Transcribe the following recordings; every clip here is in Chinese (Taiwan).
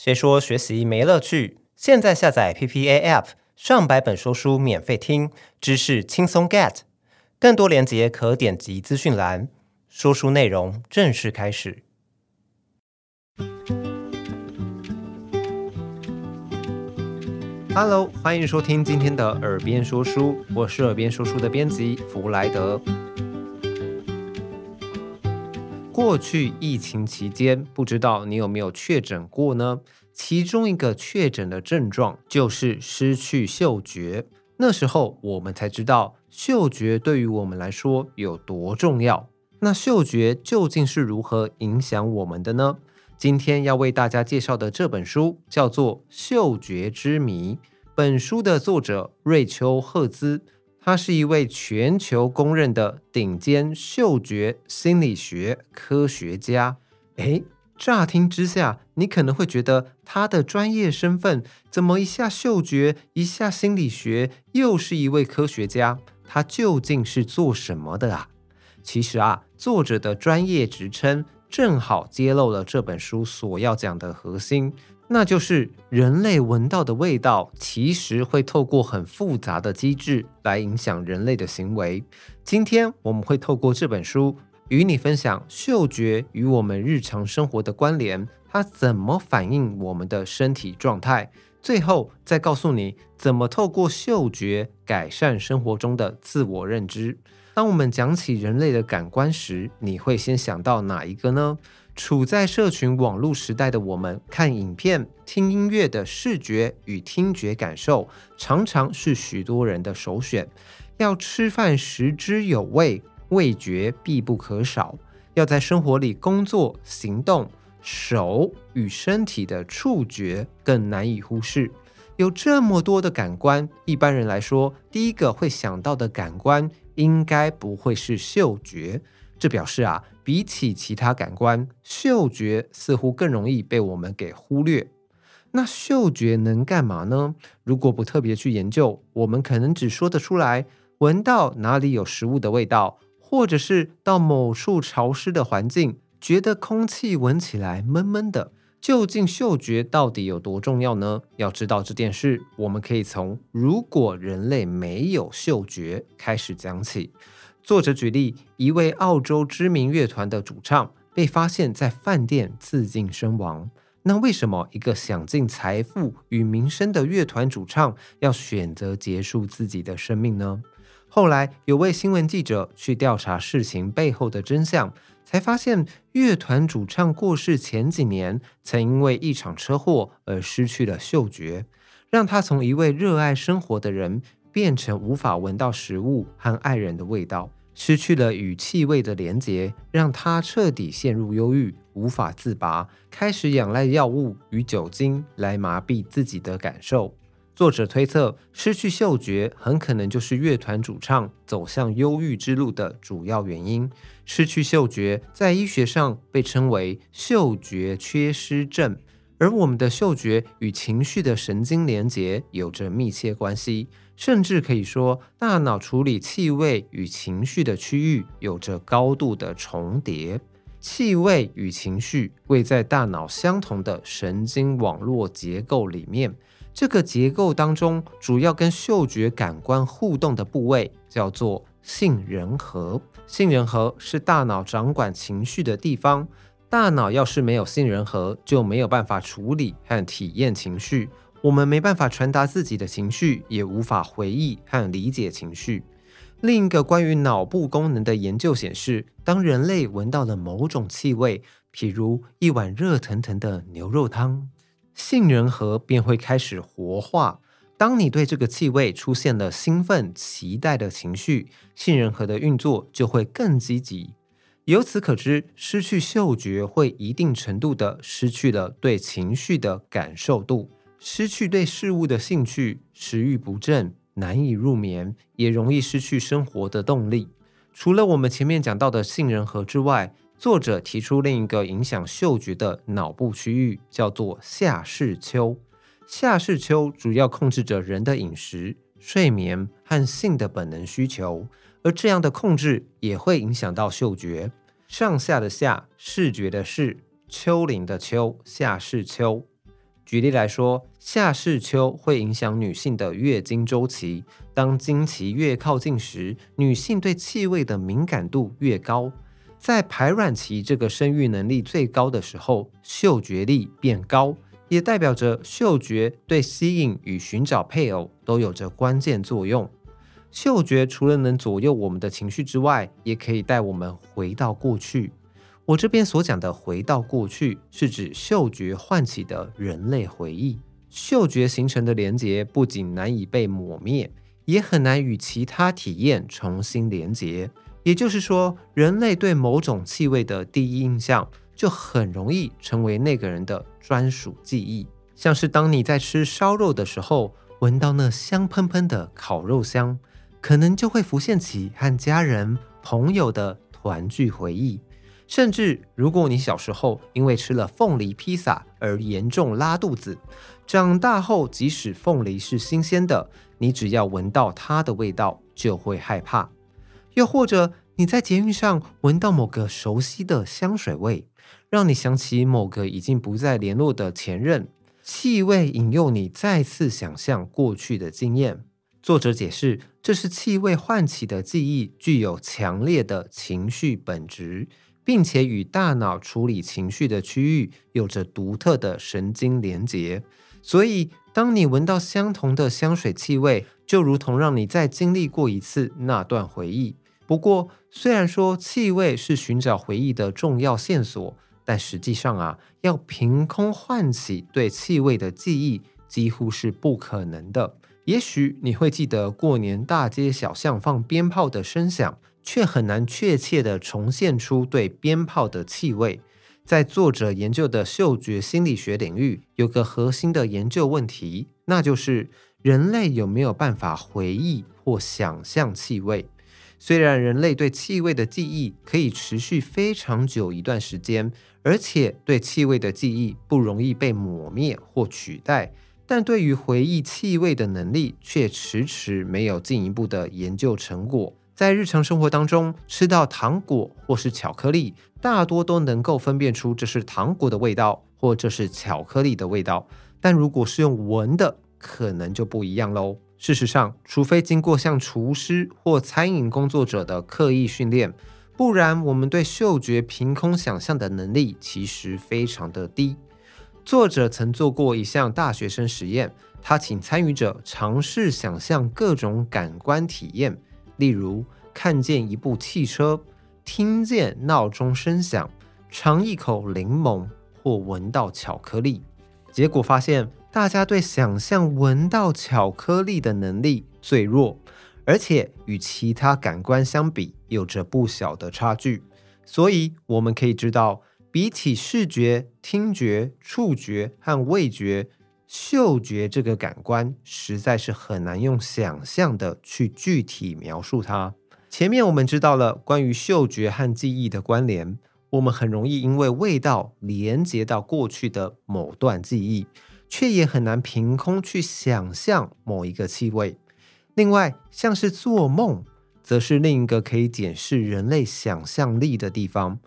誰說學習沒樂趣？現在下載 PPA App，上百本說書免費聽，知識輕鬆 get。更多連接可點擊資訊欄。說書內容正式開始。Hello，歡迎收聽今天的耳邊說書，我是耳邊說書的編輯弗萊德。過去疫情期間，不知道你有沒有確診過呢？其中一個確診的症狀就是失去嗅覺，那時候我們才知道嗅覺對於我們來說有多重要。那嗅覺究竟是如何影響我們的呢？今天要為大家介紹的這本書叫做《嗅覺之謎》，本書的作者瑞秋·赫茲。他是一位全球公認的頂尖嗅覺心理學科學家。誒，乍聽之下，你可能會覺得他的專業身份怎麼一下嗅覺，一下心理學，又是一位科學家？他究竟是做什麼的啊？其實啊，作者的專業職稱正好揭露了這本書所要講的核心。那就是人類聞到的味道，其實會透過很複雜的機制來影響人類的行為。今天我們會透過這本書與你分享嗅覺與我們日常生活的關聯，它怎麼反映我們的身體狀態，最後再告訴你怎麼透過嗅覺改善生活中的自我認知。當我們講起人類的感官時，你會先想到哪一個呢？處在社群網絡時代的我們，看影片、聽音樂的視覺與聽覺感受，常常是許多人的首選。要吃飯食之有味，味覺必不可少。要在生活裡工作、行動，手與身體的觸覺更難以忽視。有這麼多的感官，一般人來說，第一個會想到的感官應該不會是嗅覺。這表示啊。比起其他感官，嗅覺似乎更容易被我們給忽略。那嗅覺能幹嘛呢？如果不特別去研究，我們可能只說得出來聞到哪裡有食物的味道，或者是到某處潮濕的環境，覺得空氣聞起來悶悶的。究竟嗅覺到底有多重要呢？要知道這件事，我們可以從如果人類沒有嗅覺開始講起。作者舉例，一位澳洲知名樂團的主唱被發現在飯店自盡身亡。那為什麼一個享盡財富與名聲的樂團主唱要選擇結束自己的生命呢？後來有位新聞記者去調查事情背後的真相，才發現樂團主唱過世前幾年曾因為一場車禍而失去了嗅覺，讓他從一位熱愛生活的人變成無法聞到食物和愛人的味道。失去了與氣味的連結，讓他徹底陷入憂鬱，無法自拔，開始仰賴藥物與酒精來麻痹自己的感受。作者推測，失去嗅覺很可能就是樂團主唱走向憂鬱之路的主要原因。失去嗅覺在醫學上被稱為嗅覺缺失症。而我們的嗅覺與情緒的神經連接有着密切關係，甚至可以說大腦處理氣味與情緒的區域有着高度的重疊。氣味與情緒位在大腦相同的神經網絡結構裡面，這個結構當中主要跟嗅覺感官互動的部位叫做杏仁核。杏仁核是大腦掌管情緒的地方。大腦要是沒有杏仁核，就沒有辦法處理和體驗情緒。我們沒辦法傳達自己的情緒，也無法回憶和理解情緒。另一個關於腦部功能的研究顯示，當人類聞到了某種氣味，譬如一碗熱騰騰的牛肉湯，杏仁核便會開始活化。當你對這個氣味出現了興奮、期待的情緒，杏仁核的運作就會更積極。由此可知，失去嗅覺會一定程度地失去了對情緒的感受度，失去對事物的興趣，食欲不振，難以入眠，也容易失去生活的動力。除了我們前面講到的杏仁核之外，作者提出另一個影響嗅覺的腦部區域，叫做下視丘。下視丘主要控制着人的飲食、睡眠和性的本能需求，而這樣的控制也會影響到嗅覺。上下的下，視覺的視，丘陵的丘，下視丘。舉例來說，下視丘會影響女性的月經周期。當經期越靠近時，女性對氣味的敏感度越高。在排卵期這個生育能力最高的時候，嗅覺力變高，也代表着嗅覺對吸引與尋找配偶都有着關鍵作用。嗅覺除了能左右我們的情緒之外，也可以帶我們回到過去。我這邊所講的回到過去，是指嗅覺喚起的人類回憶。嗅覺形成的連結不僅難以被抹滅，也很難與其他體驗重新連結。也就是說，人類對某種氣味的第一印象，就很容易成為那個人的專屬記憶。像是當你在吃燒肉的時候，聞到那香噴噴的烤肉香。可能就會浮現起和家人朋友的團聚回憶，甚至如果你小時候因為吃了鳳梨披薩而嚴重拉肚子，長大後即使鳳梨是新鮮的，你只要聞到它的味道就會害怕。又或者你在捷運上聞到某個熟悉的香水味，讓你想起某個已經不再聯絡的前任，氣味引誘你再次想象過去的經驗。作者解釋。這是氣味喚起的記憶具有強烈的情緒本質，並且與大腦處理情緒的區域有着獨特的神經連接。所以，當你聞到相同的香水氣味，就如同讓你再經歷過一次那段回憶。不過，雖然說氣味是尋找回憶的重要線索，但實際上啊，要憑空喚起對氣味的記憶幾乎是不可能的。也許你會記得過年大街小巷放鞭炮的聲響，卻很難確切地重現出對鞭炮的氣味。在作者研究的嗅覺心理學領域，有個核心的研究問題，那就是人類有沒有辦法回憶或想象氣味？雖然人類對氣味的記憶可以持續非常久一段時間，而且對氣味的記憶不容易被抹滅或取代。但對於回憶氣味的能力，卻遲遲沒有進一步的研究成果。在日常生活當中，吃到糖果或是巧克力，大多都能夠分辨出這是糖果的味道，或這是巧克力的味道。但如果是用聞的，可能就不一樣嘍。事實上，除非經過像廚師或餐飲工作者的刻意訓練，不然我們對嗅覺憑空想象的能力其實非常的低。作者曾做過一項大學生實驗，他請參與者嘗試想象各種感官體驗，例如看見一部汽車、聽見鬧鐘聲響、嘗一口檸檬或聞到巧克力。結果發現，大家對想象聞到巧克力的能力最弱，而且與其他感官相比，有着不小的差距。所以，我們可以知道，比起視覺、聽覺、觸覺和味覺，嗅覺這個感官實在是很難用想象的去具體描述它。前面我們知道了關於嗅覺和記憶的關聯，我們很容易因為味道連接到過去的某段記憶，卻也很難憑空去想象某一個氣味。另外，像是做夢，則是另一個可以檢視人類想象力的地方。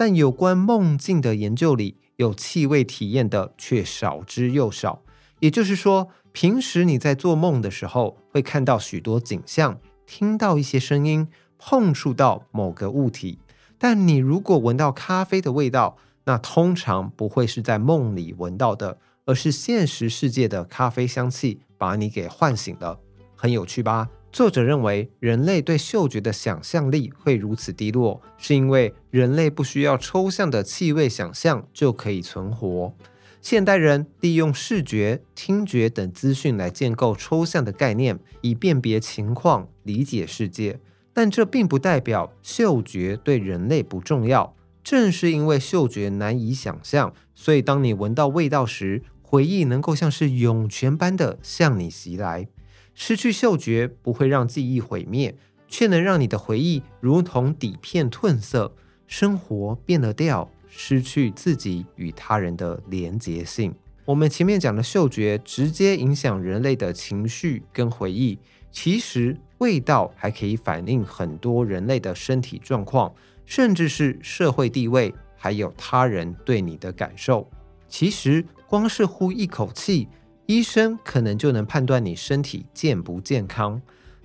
但有關夢境的研究裡，有氣味體驗的卻少之又少。也就是說，平時你在做夢的時候，會看到許多景象，聽到一些聲音，碰觸到某個物體。但你如果聞到咖啡的味道，那通常不會是在夢裡聞到的，而是現實世界的咖啡香氣把你給喚醒了。很有趣吧？作者認為，人類對嗅覺的想象力會如此低落，是因為人類不需要抽象的氣味想象就可以存活。現代人利用視覺、聽覺等資訊來建構抽象的概念，以辨別情況、理解世界。但這並不代表嗅覺對人類不重要，正是因為嗅覺難以想象，所以當你聞到味道時，回憶能夠像是湧泉般的向你襲來。失去嗅覺不會讓記憶毀滅，卻能讓你的回憶如同底片褪色，生活變了調，失去自己與他人的連結性。我們前面講的嗅覺直接影響人類的情緒跟回憶，其實味道還可以反映很多人類的身體狀況，甚至是社會地位，還有他人對你的感受。其實光是呼一口氣，醫生可能就能判斷你身體健不健康。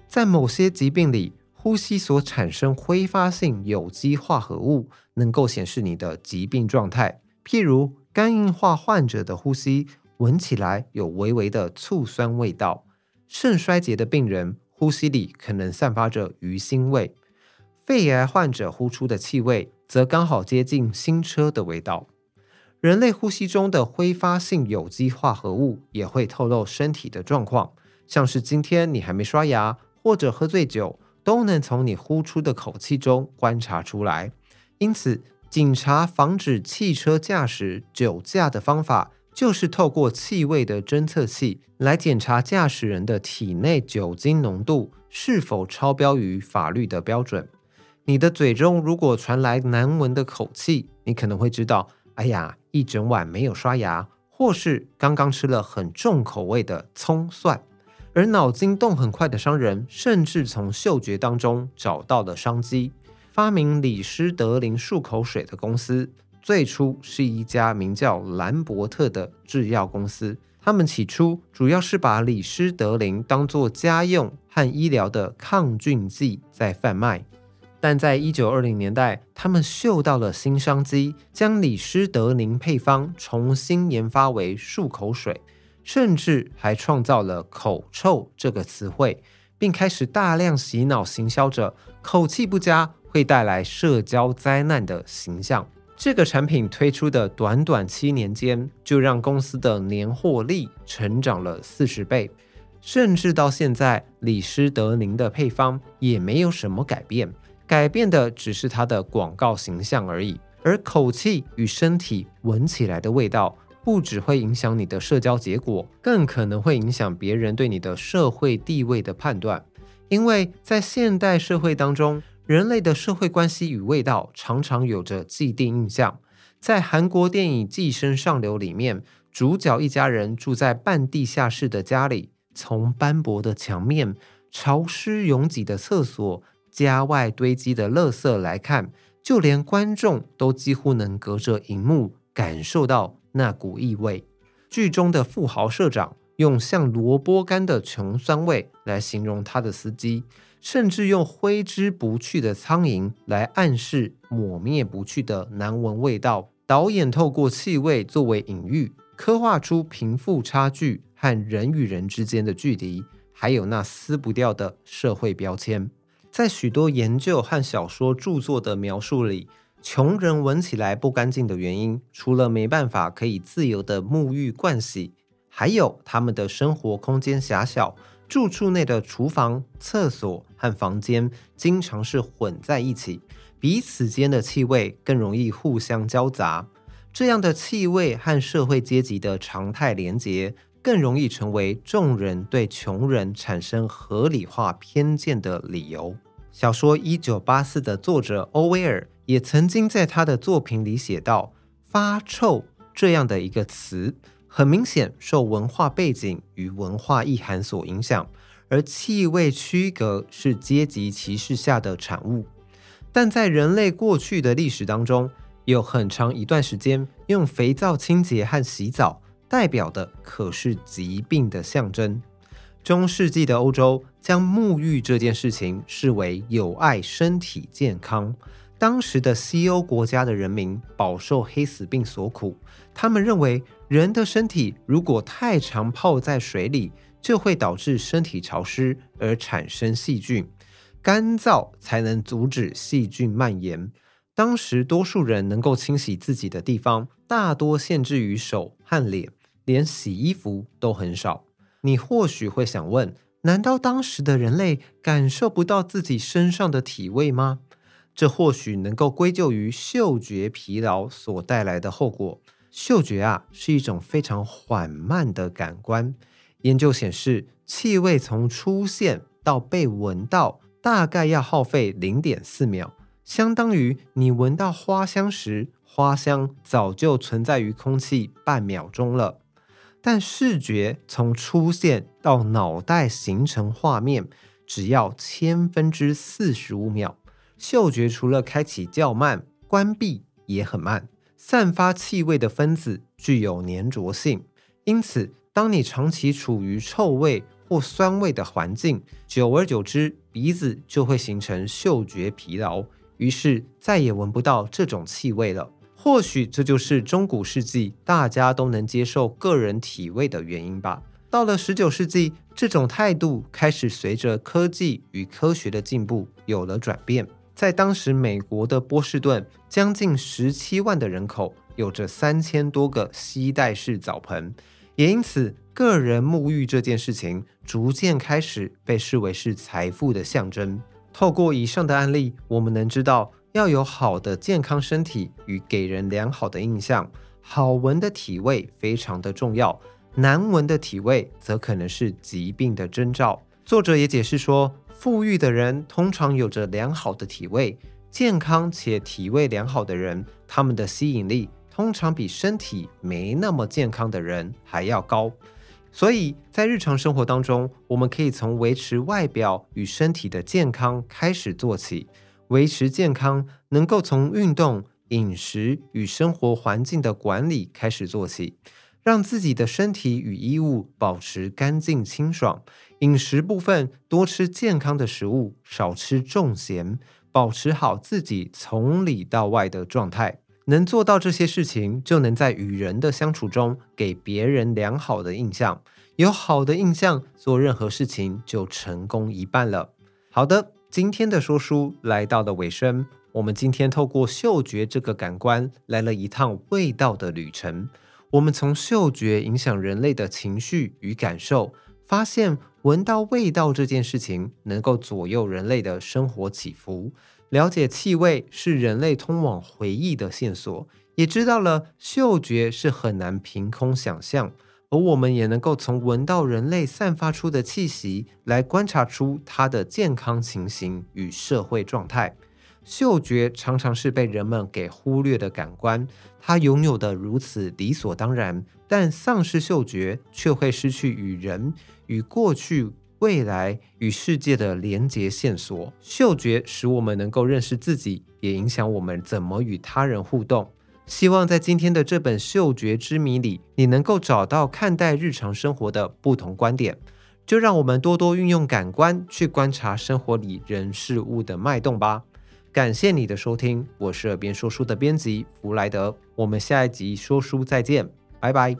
在某些疾病裡，呼吸所產生揮發性有機化合物能夠顯示你的疾病狀態。譬如，肝硬化患者的呼吸聞起來有微微的醋酸味道；腎衰竭的病人呼吸裡可能散發着魚腥味；肺癌患者呼出的氣味則剛好接近新車的味道。人類呼吸中的揮發性有機化合物也會透露身體的狀況，像是今天你還沒刷牙或者喝醉酒，都能從你呼出的口氣中觀察出來。因此，警察防止汽車駕駛酒駕的方法就是透過氣味的偵測器來檢查駕駛人的體內酒精濃度是否超標於法律的標準。你的嘴中如果傳來難聞的口氣，你可能會知道，哎呀。一整晚沒有刷牙，或是剛剛吃了很重口味的蔥蒜。而腦筋動很快的商人，甚至從嗅覺當中找到了商機。發明李施德林漱口水的公司，最初是一家名叫蘭伯特的製藥公司。他們起初主要是把李施德林當做家用和醫療的抗菌劑在販賣。但在一九二零年代，他們嗅到了新商機，將李施德寧配方重新研發為漱口水，甚至還創造了“口臭”這個詞彙，並開始大量洗腦行銷者：口氣不佳會帶來社交災難的形象。這個產品推出的短短七年間，就讓公司的年獲利成長了四十倍，甚至到現在，李施德寧的配方也沒有什麼改變。改變的只是它的廣告形象而已，而口氣與身體聞起來的味道，不只會影響你的社交結果，更可能會影響別人對你的社會地位的判斷。因為在現代社會當中，人類的社會關係與味道常常有着既定印象。在韓國電影《寄生上流》裡面，主角一家人住在半地下室的家裡，從斑駁的牆面、潮濕擁擠的廁所、家外堆積的垃圾來看，就連觀眾都幾乎能隔着熒幕感受到那股異味。劇中的富豪社長用像蘿蔔乾的窮酸味來形容他的司機，甚至用揮之不去的蒼蠅來暗示抹滅不去的難聞味道。導演透過氣味作為隱喻，刻畫出貧富差距和人與人之間的距離，還有那撕不掉的社會標籤。在許多研究和小說著作的描述裡，窮人聞起來不乾淨的原因，除了沒辦法可以自由的沐浴盥洗，還有他們的生活空間狹小，住處內的廚房、廁所和房間經常是混在一起，彼此間的氣味更容易互相交雜。這樣的氣味和社會階級的常態連結，更容易成為眾人對窮人產生合理化偏見的理由。小說《一九八四》的作者歐威爾也曾經在他的作品裡寫到，“發臭”這樣的一個詞，很明顯受文化背景與文化意涵所影響，而氣味區隔是階級歧視下的產物。但在人類過去的歷史當中，有很長一段時間，用肥皂清潔和洗澡代表的可是疾病的象徵。中世紀的歐洲將沐浴這件事情視為有礙身體健康。當時的西歐國家的人民飽受黑死病所苦，他們認為人的身體如果太常泡在水裡，就會導致身體潮濕而產生細菌，乾燥才能阻止細菌蔓延。當時多數人能夠清洗自己的地方，大多限制於手和臉，連洗衣服都很少。你或許會想問：難道當時的人類感受不到自己身上的體味嗎？這或許能夠歸咎於嗅覺疲勞所帶來的後果。嗅覺啊，是一種非常緩慢的感官。研究顯示，氣味從出現到被聞到，大概要耗費零點四秒，相當於你聞到花香時，花香早就存在於空氣半秒鐘了。但視覺從出現到腦袋形成畫面，只要千分之四十五秒。嗅覺除了開啟較慢，關閉也很慢。散發氣味的分子具有粘着性，因此當你長期處於臭味或酸味的環境，久而久之，鼻子就會形成嗅覺疲勞，於是再也聞不到這種氣味了。或許這就是中古世紀大家都能接受個人體味的原因吧。到了十九世紀，這種態度開始隨着科技與科學的進步有了轉變。在當時美國的波士頓，將近十七萬的人口有着三千多個攜帶式澡盆，也因此，個人沐浴這件事情逐漸開始被視為是財富的象徵。透過以上的案例，我們能知道，要有好的健康身體與給人良好的印象，好聞的體味非常的重要，難聞的體味則可能是疾病的徵兆。作者也解釋說，富裕的人通常有着良好的體味，健康且體味良好的人，他們的吸引力通常比身體沒那麼健康的人還要高。所以在日常生活當中，我們可以從維持外表與身體的健康開始做起。維持健康，能夠從運動、飲食與生活環境的管理開始做起，讓自己的身體與衣物保持乾淨清爽。飲食部分，多吃健康的食物，少吃重鹹，保持好自己從裡到外的狀態。能做到這些事情，就能在與人的相處中給別人良好的印象。有好的印象，做任何事情就成功一半了。好的。今天的說書來到了尾聲。我們今天透過嗅覺這個感官來了一趟味道的旅程。我們從嗅覺影響人類的情緒與感受，發現聞到味道這件事情能夠左右人類的生活起伏。了解氣味是人類通往回憶的線索，也知道了嗅覺是很難憑空想象。而我們也能夠從聞到人類散發出的氣息來觀察出它的健康情形與社會狀態。嗅覺常常是被人們給忽略的感官，它擁有的如此理所當然，但喪失嗅覺卻會失去與人、與過去、未來、與世界的連結線索。嗅覺使我們能夠認識自己，也影響我們怎麼與他人互動。希望在今天的這本《嗅覺之謎》裡，你能夠找到看待日常生活的不同觀點。就讓我們多多運用感官去觀察生活裡人事物的脈動吧。感謝你的收聽，我是耳邊說書的編輯弗萊德。我們下一集說書再見，拜拜。